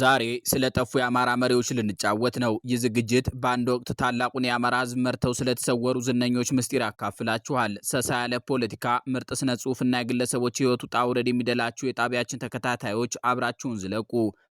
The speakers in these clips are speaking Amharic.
ዛሬ ስለጠፉ የአማራ መሪዎች ልንጫወት ነው። ይህ ዝግጅት በአንድ ወቅት ታላቁን የአማራ ሕዝብ መርተው ስለተሰወሩ ዝነኞች ምስጢር ያካፍላችኋል። ሰሳ ያለ ፖለቲካ፣ ምርጥ ስነ ጽሁፍና የግለሰቦች ህይወቱ ጣውረድ የሚደላችሁ የጣቢያችን ተከታታዮች አብራችሁን ዝለቁ።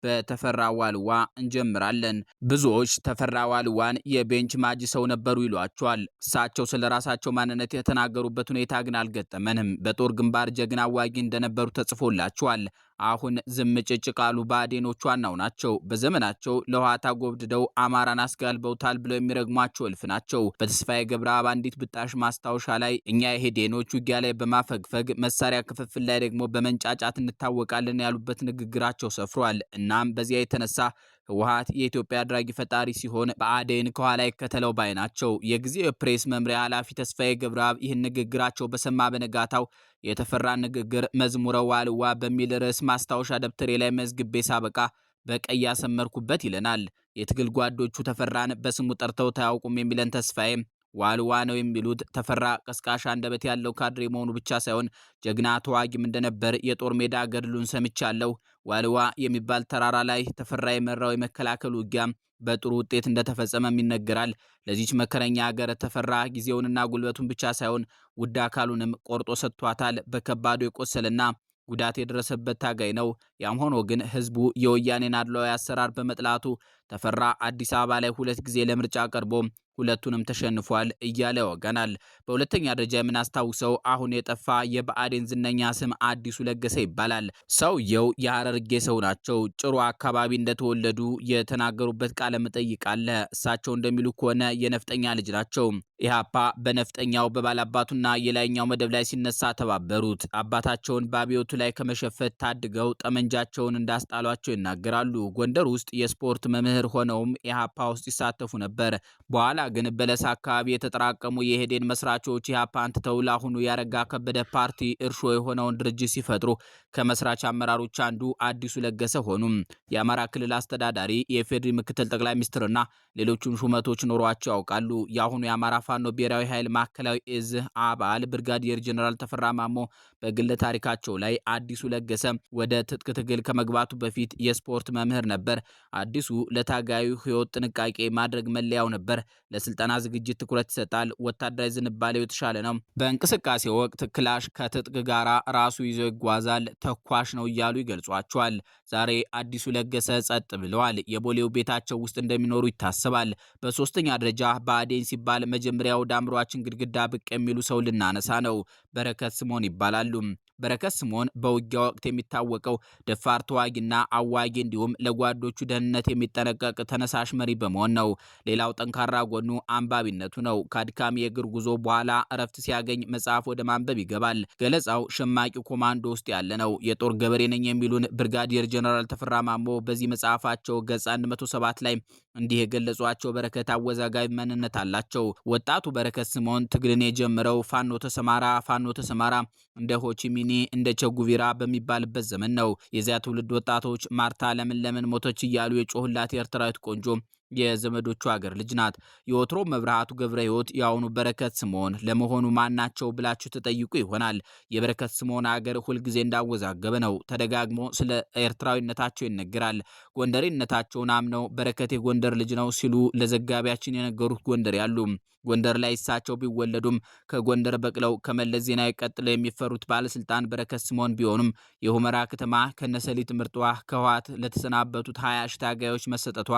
በተፈራ ዋልዋ እንጀምራለን። ብዙዎች ተፈራ ዋልዋን የቤንች ማጅ ሰው ነበሩ ይሏቸዋል። እሳቸው ስለ ራሳቸው ማንነት የተናገሩበት ሁኔታ ግን አልገጠመንም። በጦር ግንባር ጀግና አዋጊ እንደነበሩ ተጽፎላቸዋል። አሁን ዝምጭጭ ካሉ ብአዴኖች ዋናው ናቸው። በዘመናቸው ለውሃት አጎብድደው አማራን አስጋልበውታል ብለው የሚረግሟቸው እልፍ ናቸው። በተስፋዬ ገብረአብ አንዲት ብጣሽ ማስታወሻ ላይ እኛ የሄዴኖች ውጊያ ላይ በማፈግፈግ መሳሪያ ክፍፍል ላይ ደግሞ በመንጫጫት እንታወቃለን ያሉበት ንግግራቸው ሰፍሯል። እናም በዚያ የተነሳ ህወሀት የኢትዮጵያ አድራጊ ፈጣሪ ሲሆን በአዴን ከኋላ ይከተለው ባይ ናቸው። የጊዜው የፕሬስ መምሪያ ኃላፊ ተስፋዬ ገብረአብ ይህን ንግግራቸው በሰማ በነጋታው የተፈራን ንግግር መዝሙረ ዋልዋ በሚል ርዕስ ማስታወሻ ደብተሬ ላይ መዝግቤ ሳበቃ በቀይ ያሰመርኩበት ይለናል። የትግል ጓዶቹ ተፈራን በስሙ ጠርተው ታያውቁም የሚለን ተስፋዬም ዋልዋ ነው የሚሉት ተፈራ ቀስቃሽ አንደበት ያለው ካድሬ መሆኑ ብቻ ሳይሆን ጀግና ተዋጊም እንደነበር የጦር ሜዳ ገድሉን ሰምቻለሁ። ዋልዋ የሚባል ተራራ ላይ ተፈራ የመራው የመከላከል ውጊያ በጥሩ ውጤት እንደተፈጸመም ይነገራል። ለዚች መከረኛ ሀገር ተፈራ ጊዜውንና ጉልበቱን ብቻ ሳይሆን ውድ አካሉንም ቆርጦ ሰጥቷታል። በከባዱ የቆሰለና ጉዳት የደረሰበት ታጋይ ነው። ያም ሆኖ ግን ህዝቡ የወያኔን አድሏዊ አሰራር በመጥላቱ ተፈራ አዲስ አበባ ላይ ሁለት ጊዜ ለምርጫ ቀርቦ ሁለቱንም ተሸንፏል እያለ ወገናል። በሁለተኛ ደረጃ የምናስታውሰው አሁን የጠፋ የብአዴን ዝነኛ ስም አዲሱ ለገሰ ይባላል። ሰውየው የሐረርጌ ሰው ናቸው። ጭሮ አካባቢ እንደተወለዱ የተናገሩበት ቃለ መጠይቅ አለ። እሳቸው እንደሚሉ ከሆነ የነፍጠኛ ልጅ ናቸው። ኢህአፓ በነፍጠኛው በባላባቱና የላይኛው መደብ ላይ ሲነሳ ተባበሩት። አባታቸውን በአብዮቱ ላይ ከመሸፈት ታድገው ጠመንጃቸውን እንዳስጣሏቸው ይናገራሉ። ጎንደር ውስጥ የስፖርት መምህር መምህር ሆነውም ኢህአፓ ውስጥ ይሳተፉ ነበር። በኋላ ግን በለሳ አካባቢ የተጠራቀሙ የሄዴን መስራቾች ኢህአፓን ትተው ለአሁኑ ያረጋ ከበደ ፓርቲ እርሾ የሆነውን ድርጅት ሲፈጥሩ ከመስራች አመራሮች አንዱ አዲሱ ለገሰ ሆኑ። የአማራ ክልል አስተዳዳሪ፣ የፌድሪ ምክትል ጠቅላይ ሚኒስትርና ሌሎችም ሹመቶች ኖሯቸው ያውቃሉ። የአሁኑ የአማራ ፋኖ ብሔራዊ ኃይል ማዕከላዊ እዝ አባል ብርጋዲየር ጀኔራል ተፈራ ማሞ በግለ ታሪካቸው ላይ አዲሱ ለገሰ ወደ ትጥቅ ትግል ከመግባቱ በፊት የስፖርት መምህር ነበር። አዲሱ ለ ለታጋዩ ህይወት ጥንቃቄ ማድረግ መለያው ነበር። ለስልጠና ዝግጅት ትኩረት ይሰጣል። ወታደራዊ ዝንባሌው የተሻለ ነው። በእንቅስቃሴ ወቅት ክላሽ ከትጥቅ ጋር ራሱ ይዞ ይጓዛል። ተኳሽ ነው እያሉ ይገልጿቸዋል። ዛሬ አዲሱ ለገሰ ጸጥ ብለዋል። የቦሌው ቤታቸው ውስጥ እንደሚኖሩ ይታሰባል። በሶስተኛ ደረጃ በአዴን ሲባል መጀመሪያ ወደ አእምሯችን ግድግዳ ብቅ የሚሉ ሰው ልናነሳ ነው። በረከት ስምኦን ይባላሉ። በረከት ስምኦን በውጊያ ወቅት የሚታወቀው ደፋር ተዋጊና አዋጊ እንዲሁም ለጓዶቹ ደህንነት የሚጠነ የሚለቀቅ ተነሳሽ መሪ በመሆን ነው። ሌላው ጠንካራ ጎኑ አንባቢነቱ ነው። ከአድካሚ የእግር ጉዞ በኋላ እረፍት ሲያገኝ መጽሐፍ ወደ ማንበብ ይገባል። ገለጻው ሸማቂ ኮማንዶ ውስጥ ያለ ነው። የጦር ገበሬ ነኝ የሚሉን ብርጋዲየር ጀነራል ተፈራ ማሞ በዚህ መጽሐፋቸው ገጽ 107 ላይ እንዲህ የገለጿቸው በረከት አወዛጋቢ ማንነት አላቸው። ወጣቱ በረከት ስምኦን ትግልን የጀመረው ፋኖ ተሰማራ ፋኖ ተሰማራ እንደ ሆቺሚኒ እንደ ቸጉቪራ በሚባልበት ዘመን ነው። የዚያ ትውልድ ወጣቶች ማርታ ለምን ለምን ሞቶች እያሉ የጮህላት ኤርትራዊት ቆንጆ የዘመዶቹ አገር ልጅ ናት። የወትሮ መብርሃቱ ገብረ ሕይወት የአሁኑ በረከት ስምዖን ለመሆኑ ማናቸው ብላችሁ ተጠይቁ ይሆናል። የበረከት ስምዖን አገር ሁልጊዜ እንዳወዛገበ ነው። ተደጋግሞ ስለ ኤርትራዊነታቸው ይነገራል። ጎንደሬነታቸውን አምነው በረከት የጎንደር ልጅ ነው ሲሉ ለዘጋቢያችን የነገሩት ጎንደር ያሉ ጎንደር ላይ እሳቸው ቢወለዱም ከጎንደር በቅለው ከመለስ ዜናዊ ቀጥለው የሚፈሩት ባለስልጣን በረከት ስምዖን ቢሆኑም የሁመራ ከተማ ከነሰሊጥ ምርጧ ከህወሓት ለተሰናበቱት ሀያ ሺህ ታጋዮች መሰጠቷ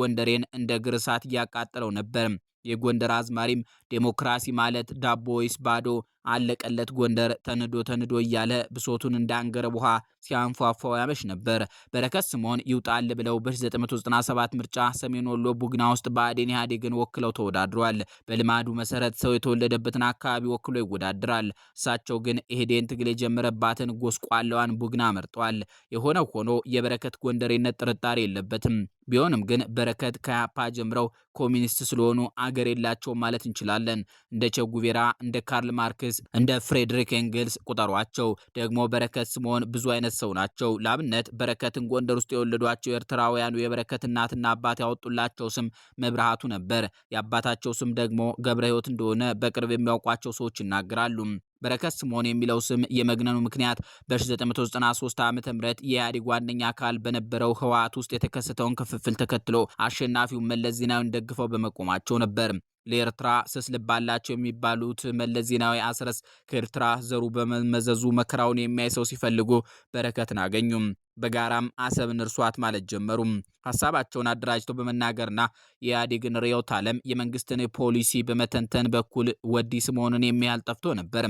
ጎንደሬን ግን እንደ ግርሳት እያቃጠለው ነበር። የጎንደር አዝማሪም ዴሞክራሲ ማለት ዳቦ ወይስ ባዶ አለቀለት ጎንደር ተንዶ ተንዶ እያለ ብሶቱን እንዳንገረብ ውሃ ሲያንፏፏው ያመሽ ነበር። በረከት ስምኦን ይውጣል ብለው በ1997 ምርጫ ሰሜን ወሎ ቡግና ውስጥ ብአዴን ኢህአዴግን ወክለው ተወዳድሯል። በልማዱ መሰረት ሰው የተወለደበትን አካባቢ ወክሎ ይወዳድራል። እሳቸው ግን ኢህዴን ትግል የጀመረባትን ጎስቋላዋን ቡግና መርጧል። የሆነ ሆኖ የበረከት ጎንደሬነት ጥርጣሬ የለበትም። ቢሆንም ግን በረከት ከያፓ ጀምረው ኮሚኒስት ስለሆኑ አገር የላቸው ማለት እንችላለን። እንደ ቸጉቬራ እንደ ካርል ማርክስ ኤንግልስ እንደ ፍሬድሪክ ኤንግልስ ቁጠሯቸው። ደግሞ በረከት ስምዖን ብዙ አይነት ሰው ናቸው። ላብነት በረከትን ጎንደር ውስጥ የወለዷቸው ኤርትራውያኑ የበረከት እናትና አባት ያወጡላቸው ስም መብርሃቱ ነበር። የአባታቸው ስም ደግሞ ገብረ ሕይወት እንደሆነ በቅርብ የሚያውቋቸው ሰዎች ይናገራሉ። በረከት ስሞን የሚለው ስም የመግነኑ ምክንያት በ1993 ዓ ም የኢህአዴግ ዋነኛ አካል በነበረው ህወሓት ውስጥ የተከሰተውን ክፍፍል ተከትሎ አሸናፊውን መለስ ዜናዊን ደግፈው በመቆማቸው ነበር። ለኤርትራ ስስ ልባላቸው የሚባሉት መለስ ዜናዊ አስረስ ከኤርትራ ዘሩ በመመዘዙ መከራውን የሚያይ ሰው ሲፈልጉ በረከትን አገኙም። በጋራም አሰብን እርሷት ማለት ጀመሩም። ሀሳባቸውን አደራጅተው በመናገርና የኢህአዴግን ርዕዮተ ዓለም የመንግስትን ፖሊሲ በመተንተን በኩል ወዲ ስምዖንን የሚያህል ጠፍቶ ነበር።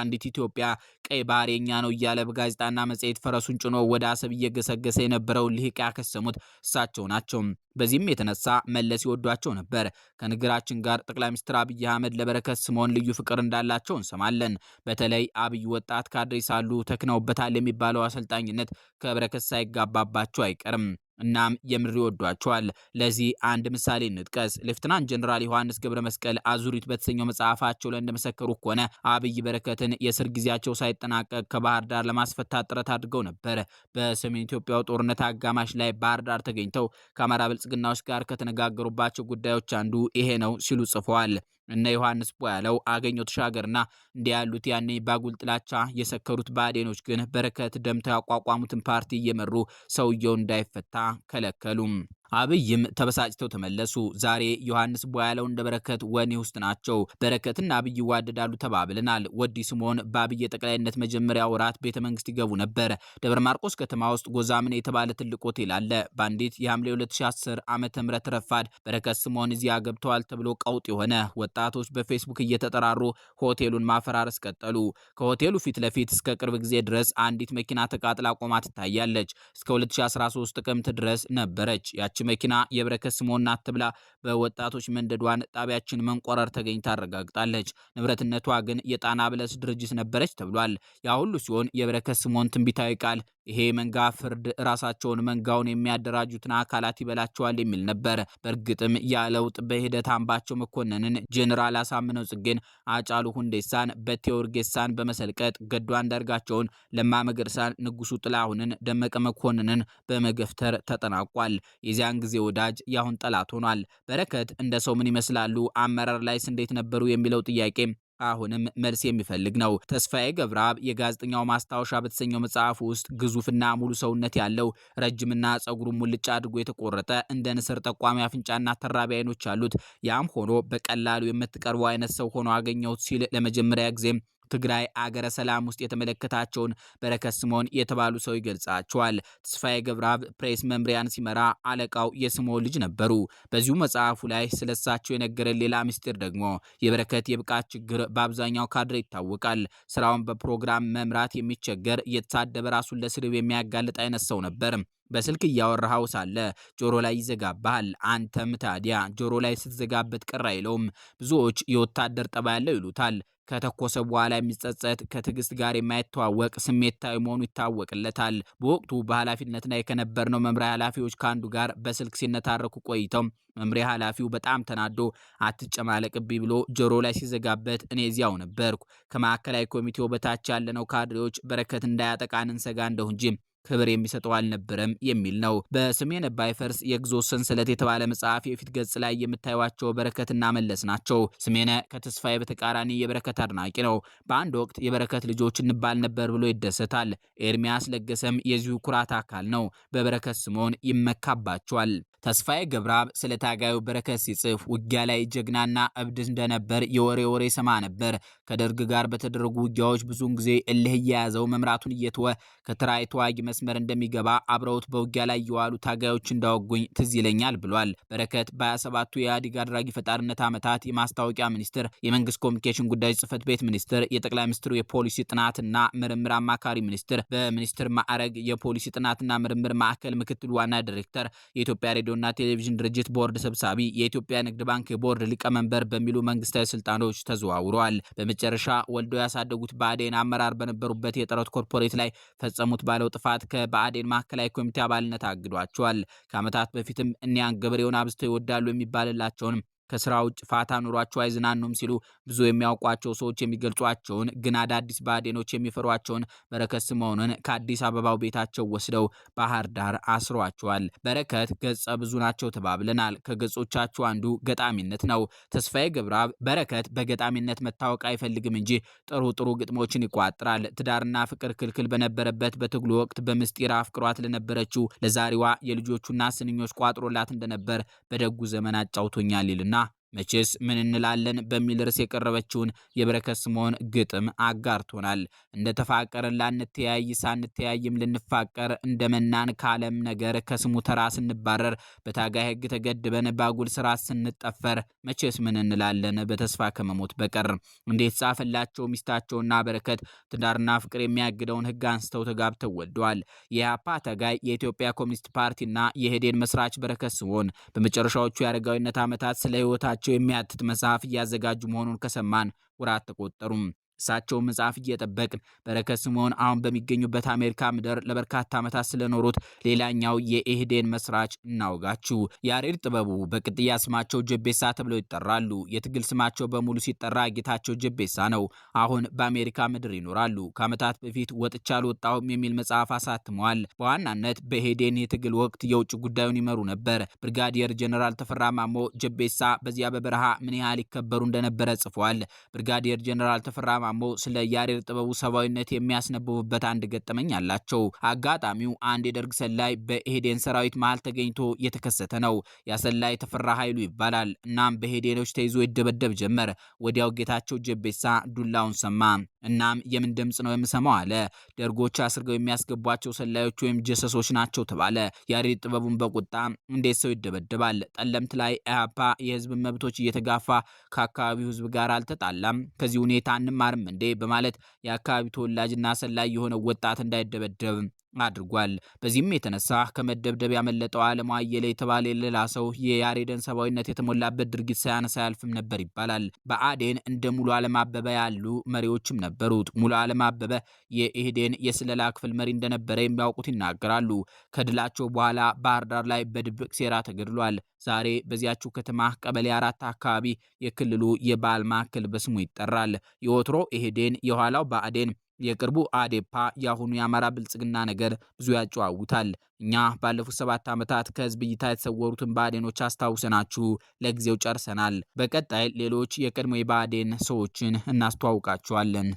አንዲት ኢትዮጵያ ቀይ ባህር የኛ ነው እያለ በጋዜጣና መጽሔት ፈረሱን ጭኖ ወደ አሰብ እየገሰገሰ የነበረው ልሂቅ ያከሰሙት እሳቸው ናቸው። በዚህም የተነሳ መለስ ይወዷቸው ነበር። ከንግግራችን ጋር ጠቅላይ ሚኒስትር አብይ አህመድ ለበረከት ስምኦን ልዩ ፍቅር እንዳላቸው እንሰማለን። በተለይ አብይ ወጣት ካድሬ ሳሉ ተክነውበታል የሚባለው አሰልጣኝነት ከበረከት ሳይጋባባቸው አይቀርም። እናም የምድር ይወዷቸዋል። ለዚህ አንድ ምሳሌ እንጥቀስ። ሌፍትናንት ጀነራል ዮሐንስ ገብረ መስቀል አዙሪት በተሰኘው መጽሐፋቸው ላይ እንደመሰከሩ ከሆነ አብይ በረከትን የእስር ጊዜያቸው ሳይጠናቀቅ ከባህር ዳር ለማስፈታት ጥረት አድርገው ነበር። በሰሜን ኢትዮጵያው ጦርነት አጋማሽ ላይ ባህር ዳር ተገኝተው ከአማራ ብልጽግናዎች ጋር ከተነጋገሩባቸው ጉዳዮች አንዱ ይሄ ነው ሲሉ ጽፈዋል። እነ ዮሐንስ ቧያለው፣ አገኘሁ ተሻገርና እንዲህ ያሉት ያኔ ባጉል ጥላቻ የሰከሩት ብአዴኖች ግን በረከት ደምተው ያቋቋሙትን ፓርቲ እየመሩ ሰውየው እንዳይፈታ ከለከሉም። አብይም ተበሳጭተው ተመለሱ። ዛሬ ዮሐንስ ቦያለው እንደ በረከት ወኔ ውስጥ ናቸው። በረከትና አብይ ይዋደዳሉ ተባብለናል። ወዲ ስምዖን በአብይ የጠቅላይነት መጀመሪያ ወራት ቤተ መንግስት ይገቡ ነበር። ደብረ ማርቆስ ከተማ ውስጥ ጎዛምን የተባለ ትልቅ ሆቴል አለ። በአንዲት የሐምሌ 2010 ዓ ም ረፋድ በረከት ስሞን እዚያ ገብተዋል ተብሎ ቀውጥ የሆነ ወጣቶች በፌስቡክ እየተጠራሩ ሆቴሉን ማፈራረስ ቀጠሉ። ከሆቴሉ ፊት ለፊት እስከ ቅርብ ጊዜ ድረስ አንዲት መኪና ተቃጥላ ቆማ ትታያለች። እስከ 2013 ጥቅምት ድረስ ነበረች ያች መኪና የብረከት ስምኦን ናት ተብላ በወጣቶች መንደዷን ጣቢያችን መንቆረር ተገኝታ አረጋግጣለች። ንብረትነቷ ግን የጣና ብለስ ድርጅት ነበረች ተብሏል። ያ ሁሉ ሲሆን የብረከት ስምኦን ትንቢታዊ ቃል ይሄ መንጋ ፍርድ ራሳቸውን መንጋውን የሚያደራጁትን አካላት ይበላቸዋል የሚል ነበር። በእርግጥም ያ ለውጥ በሂደት አምባቸው መኮንንን፣ ጄኔራል አሳምነው ጽጌን፣ አጫሉ ሁንዴሳን፣ በቴ ኡርጌሳን በመሰልቀጥ ገዱ አንዳርጋቸውን፣ ለማ መገርሳን፣ ንጉሱ ጥላሁንን፣ ደመቀ መኮንንን በመገፍተር ተጠናቋል። የዚያን ጊዜ ወዳጅ ያሁን ጠላት ሆኗል። በረከት እንደ ሰው ምን ይመስላሉ? አመራር ላይስ እንዴት ነበሩ? የሚለው ጥያቄ አሁንም መልስ የሚፈልግ ነው። ተስፋዬ ገብረአብ የጋዜጠኛው ማስታወሻ በተሰኘው መጽሐፍ ውስጥ ግዙፍና ሙሉ ሰውነት ያለው ረጅምና ጸጉሩን ሙልጭ አድርጎ የተቆረጠ እንደ ንስር ጠቋሚ አፍንጫና ተራቢ አይኖች አሉት። ያም ሆኖ በቀላሉ የምትቀርበው አይነት ሰው ሆኖ አገኘሁት ሲል ለመጀመሪያ ጊዜም ትግራይ አገረ ሰላም ውስጥ የተመለከታቸውን በረከት ስምኦን የተባሉ ሰው ይገልጻቸዋል። ተስፋዬ ገብረአብ ፕሬስ መምሪያን ሲመራ አለቃው የስምኦን ልጅ ነበሩ። በዚሁ መጽሐፉ ላይ ስለሳቸው የነገረን ሌላ ምስጢር ደግሞ የበረከት የብቃት ችግር በአብዛኛው ካድሬ ይታወቃል። ስራውን በፕሮግራም መምራት የሚቸገር የተሳደበ ራሱን ለስድብ የሚያጋልጥ አይነት ሰው ነበር። በስልክ እያወራኸው ሳለ ጆሮ ላይ ይዘጋብሃል። አንተም ታዲያ ጆሮ ላይ ስትዘጋበት ቅር አይለውም። ብዙዎች የወታደር ጠባ ያለው ይሉታል። ከተኮሰ በኋላ የሚጸጸት ከትዕግስት ጋር የማይተዋወቅ ስሜታዊ መሆኑ ይታወቅለታል። በወቅቱ በኃላፊነት ላይ ከነበርነው መምሪያ ኃላፊዎች ከአንዱ ጋር በስልክ ሲነታረኩ ቆይተው መምሪያ ኃላፊው በጣም ተናዶ አትጨማለቅብኝ ብሎ ጆሮ ላይ ሲዘጋበት እኔ እዚያው ነበርኩ። ከማዕከላዊ ኮሚቴው በታች ያለነው ካድሬዎች በረከት እንዳያጠቃን እንሰጋ እንደሁ እንጂ ክብር የሚሰጠው አልነበረም የሚል ነው። በስሜነ ባይፈርስ የግዞ ሰንሰለት የተባለ መጽሐፍ የፊት ገጽ ላይ የምታዩቸው በረከትና መለስ ናቸው። ስሜነ ከተስፋዬ በተቃራኒ የበረከት አድናቂ ነው። በአንድ ወቅት የበረከት ልጆች እንባል ነበር ብሎ ይደሰታል። ኤርሚያስ ለገሰም የዚሁ ኩራት አካል ነው። በበረከት ስምኦን ይመካባቸዋል። ተስፋዬ ገብረአብ ስለ ታጋዩ በረከት ሲጽፍ ውጊያ ላይ ጀግናና እብድ እንደነበር የወሬ ወሬ ሰማ ነበር። ከደርግ ጋር በተደረጉ ውጊያዎች ብዙውን ጊዜ እልህ እየያዘው መምራቱን እየተወ ከተራይ ተዋጊ መስመር እንደሚገባ አብረውት በውጊያ ላይ የዋሉ ታጋዮች እንዳወጉኝ ትዝ ይለኛል ብሏል። በረከት በ27ቱ የኢህአዴግ አድራጊ ፈጣሪነት ዓመታት የማስታወቂያ ሚኒስትር፣ የመንግስት ኮሚኒኬሽን ጉዳዮች ጽህፈት ቤት ሚኒስትር፣ የጠቅላይ ሚኒስትሩ የፖሊሲ ጥናትና ምርምር አማካሪ ሚኒስትር፣ በሚኒስትር ማዕረግ የፖሊሲ ጥናትና ምርምር ማዕከል ምክትል ዋና ዲሬክተር፣ የኢትዮጵያ ሬዲዮና ቴሌቪዥን ድርጅት ቦርድ ሰብሳቢ፣ የኢትዮጵያ ንግድ ባንክ የቦርድ ሊቀመንበር በሚሉ መንግስታዊ ስልጣኖች ተዘዋውረዋል። በመጨረሻ ወልደው ያሳደጉት ብአዴን አመራር በነበሩበት የጥረት ኮርፖሬት ላይ ፈጸሙት ባለው ጥፋት ከብአዴን ማዕከላዊ ኮሚቴ አባልነት አግዷቸዋል። ከዓመታት በፊትም እኒያን ገበሬውን አብዝተው ይወዳሉ የሚባልላቸውንም ከስራ ውጭ ፋታ ኑሯቸው አይዝናኑም ሲሉ ብዙ የሚያውቋቸው ሰዎች የሚገልጿቸውን ግን አዳዲስ ባዴኖች የሚፈሯቸውን በረከት ስምኦንን ከአዲስ አበባው ቤታቸው ወስደው ባህር ዳር አስሯቸዋል። በረከት ገጸ ብዙ ናቸው ተባብለናል። ከገጾቻቸው አንዱ ገጣሚነት ነው። ተስፋዬ ገብረአብ በረከት በገጣሚነት መታወቅ አይፈልግም እንጂ ጥሩ ጥሩ ግጥሞችን ይቋጥራል። ትዳርና ፍቅር ክልክል በነበረበት በትግሉ ወቅት በምስጢር አፍቅሯት ለነበረችው ለዛሬዋ የልጆቹና ስንኞች ቋጥሮላት እንደነበር በደጉ ዘመን አጫውቶኛል ይልና መቼስ ምን እንላለን በሚል ርዕስ የቀረበችውን የበረከት ስምኦን ግጥም አጋርቶናል። እንደተፋቀርን ላንተያይ ሳንተያይም ልንፋቀር እንደመናን ካለም ነገር ከስሙ ተራ ስንባረር በታጋይ ሕግ ተገድበን ባጉል ስራ ስንጠፈር መቼስ ምን እንላለን በተስፋ ከመሞት በቀር። እንዴት ጻፈላቸው ሚስታቸውና በረከት ትዳርና ፍቅር የሚያግደውን ሕግ አንስተው ተጋብተው ወደዋል። የኢህአፓ ታጋይ የኢትዮጵያ ኮሚኒስት ፓርቲና የህዴን መስራች በረከት ስምኦን በመጨረሻዎቹ የአረጋዊነት ዓመታት ስለ ህይወታቸው ታሪካቸው የሚያትት መጽሐፍ እያዘጋጁ መሆኑን ከሰማን ውራት ተቆጠሩም። እሳቸው መጽሐፍ እየጠበቅን በረከት ስምዖን አሁን በሚገኙበት አሜሪካ ምድር ለበርካታ ዓመታት ስለኖሩት ሌላኛው የኢህዴን መስራች እናውጋችሁ ያሬድ ጥበቡ በቅጥያ ስማቸው ጀቤሳ ተብለው ይጠራሉ። የትግል ስማቸው በሙሉ ሲጠራ ጌታቸው ጀቤሳ ነው። አሁን በአሜሪካ ምድር ይኖራሉ። ከዓመታት በፊት ወጥቻ አልወጣሁም የሚል መጽሐፍ አሳትመዋል። በዋናነት በኢህዴን የትግል ወቅት የውጭ ጉዳዩን ይመሩ ነበር። ብርጋዲየር ጀነራል ተፈራ ማሞ ጀቤሳ በዚያ በበረሃ ምን ያህል ይከበሩ እንደነበረ ጽፏል። ብርጋዲየር ጀነራል ተፈራ ማሞ ስለ ያሬር ጥበቡ ሰብአዊነት የሚያስነብቡበት አንድ ገጠመኝ አላቸው። አጋጣሚው አንድ የደርግ ሰላይ በኢህዴን ሰራዊት መሃል ተገኝቶ የተከሰተ ነው። ያሰላይ ተፈራ ኃይሉ ይባላል። እናም በሄዴኖች ተይዞ ይደበደብ ጀመር። ወዲያው ጌታቸው ጀቤሳ ዱላውን ሰማ። እናም የምን ድምፅ ነው የምሰማው አለ። ደርጎች አስርገው የሚያስገቧቸው ሰላዮች ወይም ጀሰሶች ናቸው ተባለ። ያሬድ ጥበቡን በቁጣ እንዴት ሰው ይደበደባል? ጠለምት ላይ ኢህአፓ የህዝብን መብቶች እየተጋፋ ከአካባቢው ህዝብ ጋር አልተጣላም። ከዚህ ሁኔታ እንማረ አልተማርም እንዴ በማለት የአካባቢው ተወላጅና አሰላይ የሆነው ወጣት እንዳይደበደብም አድርጓል። በዚህም የተነሳ ከመደብደብ ያመለጠው አለሙ አየለ የተባለ ሌላ ሰው የያሬድን ሰብአዊነት የተሞላበት ድርጊት ሳያነሳ አያልፍም ነበር ይባላል። በአዴን እንደ ሙሉ አለም አበበ ያሉ መሪዎችም ነበሩት። ሙሉ አለም አበበ የኢህዴን የስለላ ክፍል መሪ እንደነበረ የሚያውቁት ይናገራሉ። ከድላቸው በኋላ ባህር ዳር ላይ በድብቅ ሴራ ተገድሏል። ዛሬ በዚያችው ከተማ ቀበሌ አራት አካባቢ የክልሉ የባዓል ማዕከል በስሙ ይጠራል። የወትሮ ኢህዴን የኋላው በአዴን የቅርቡ አዴፓ የአሁኑ የአማራ ብልጽግና ነገር ብዙ ያጨዋውታል። እኛ ባለፉት ሰባት ዓመታት ከህዝብ እይታ የተሰወሩትን ብአዴኖች አስታውሰናችሁ ለጊዜው ጨርሰናል። በቀጣይ ሌሎች የቀድሞ የብአዴን ሰዎችን እናስተዋውቃችኋለን።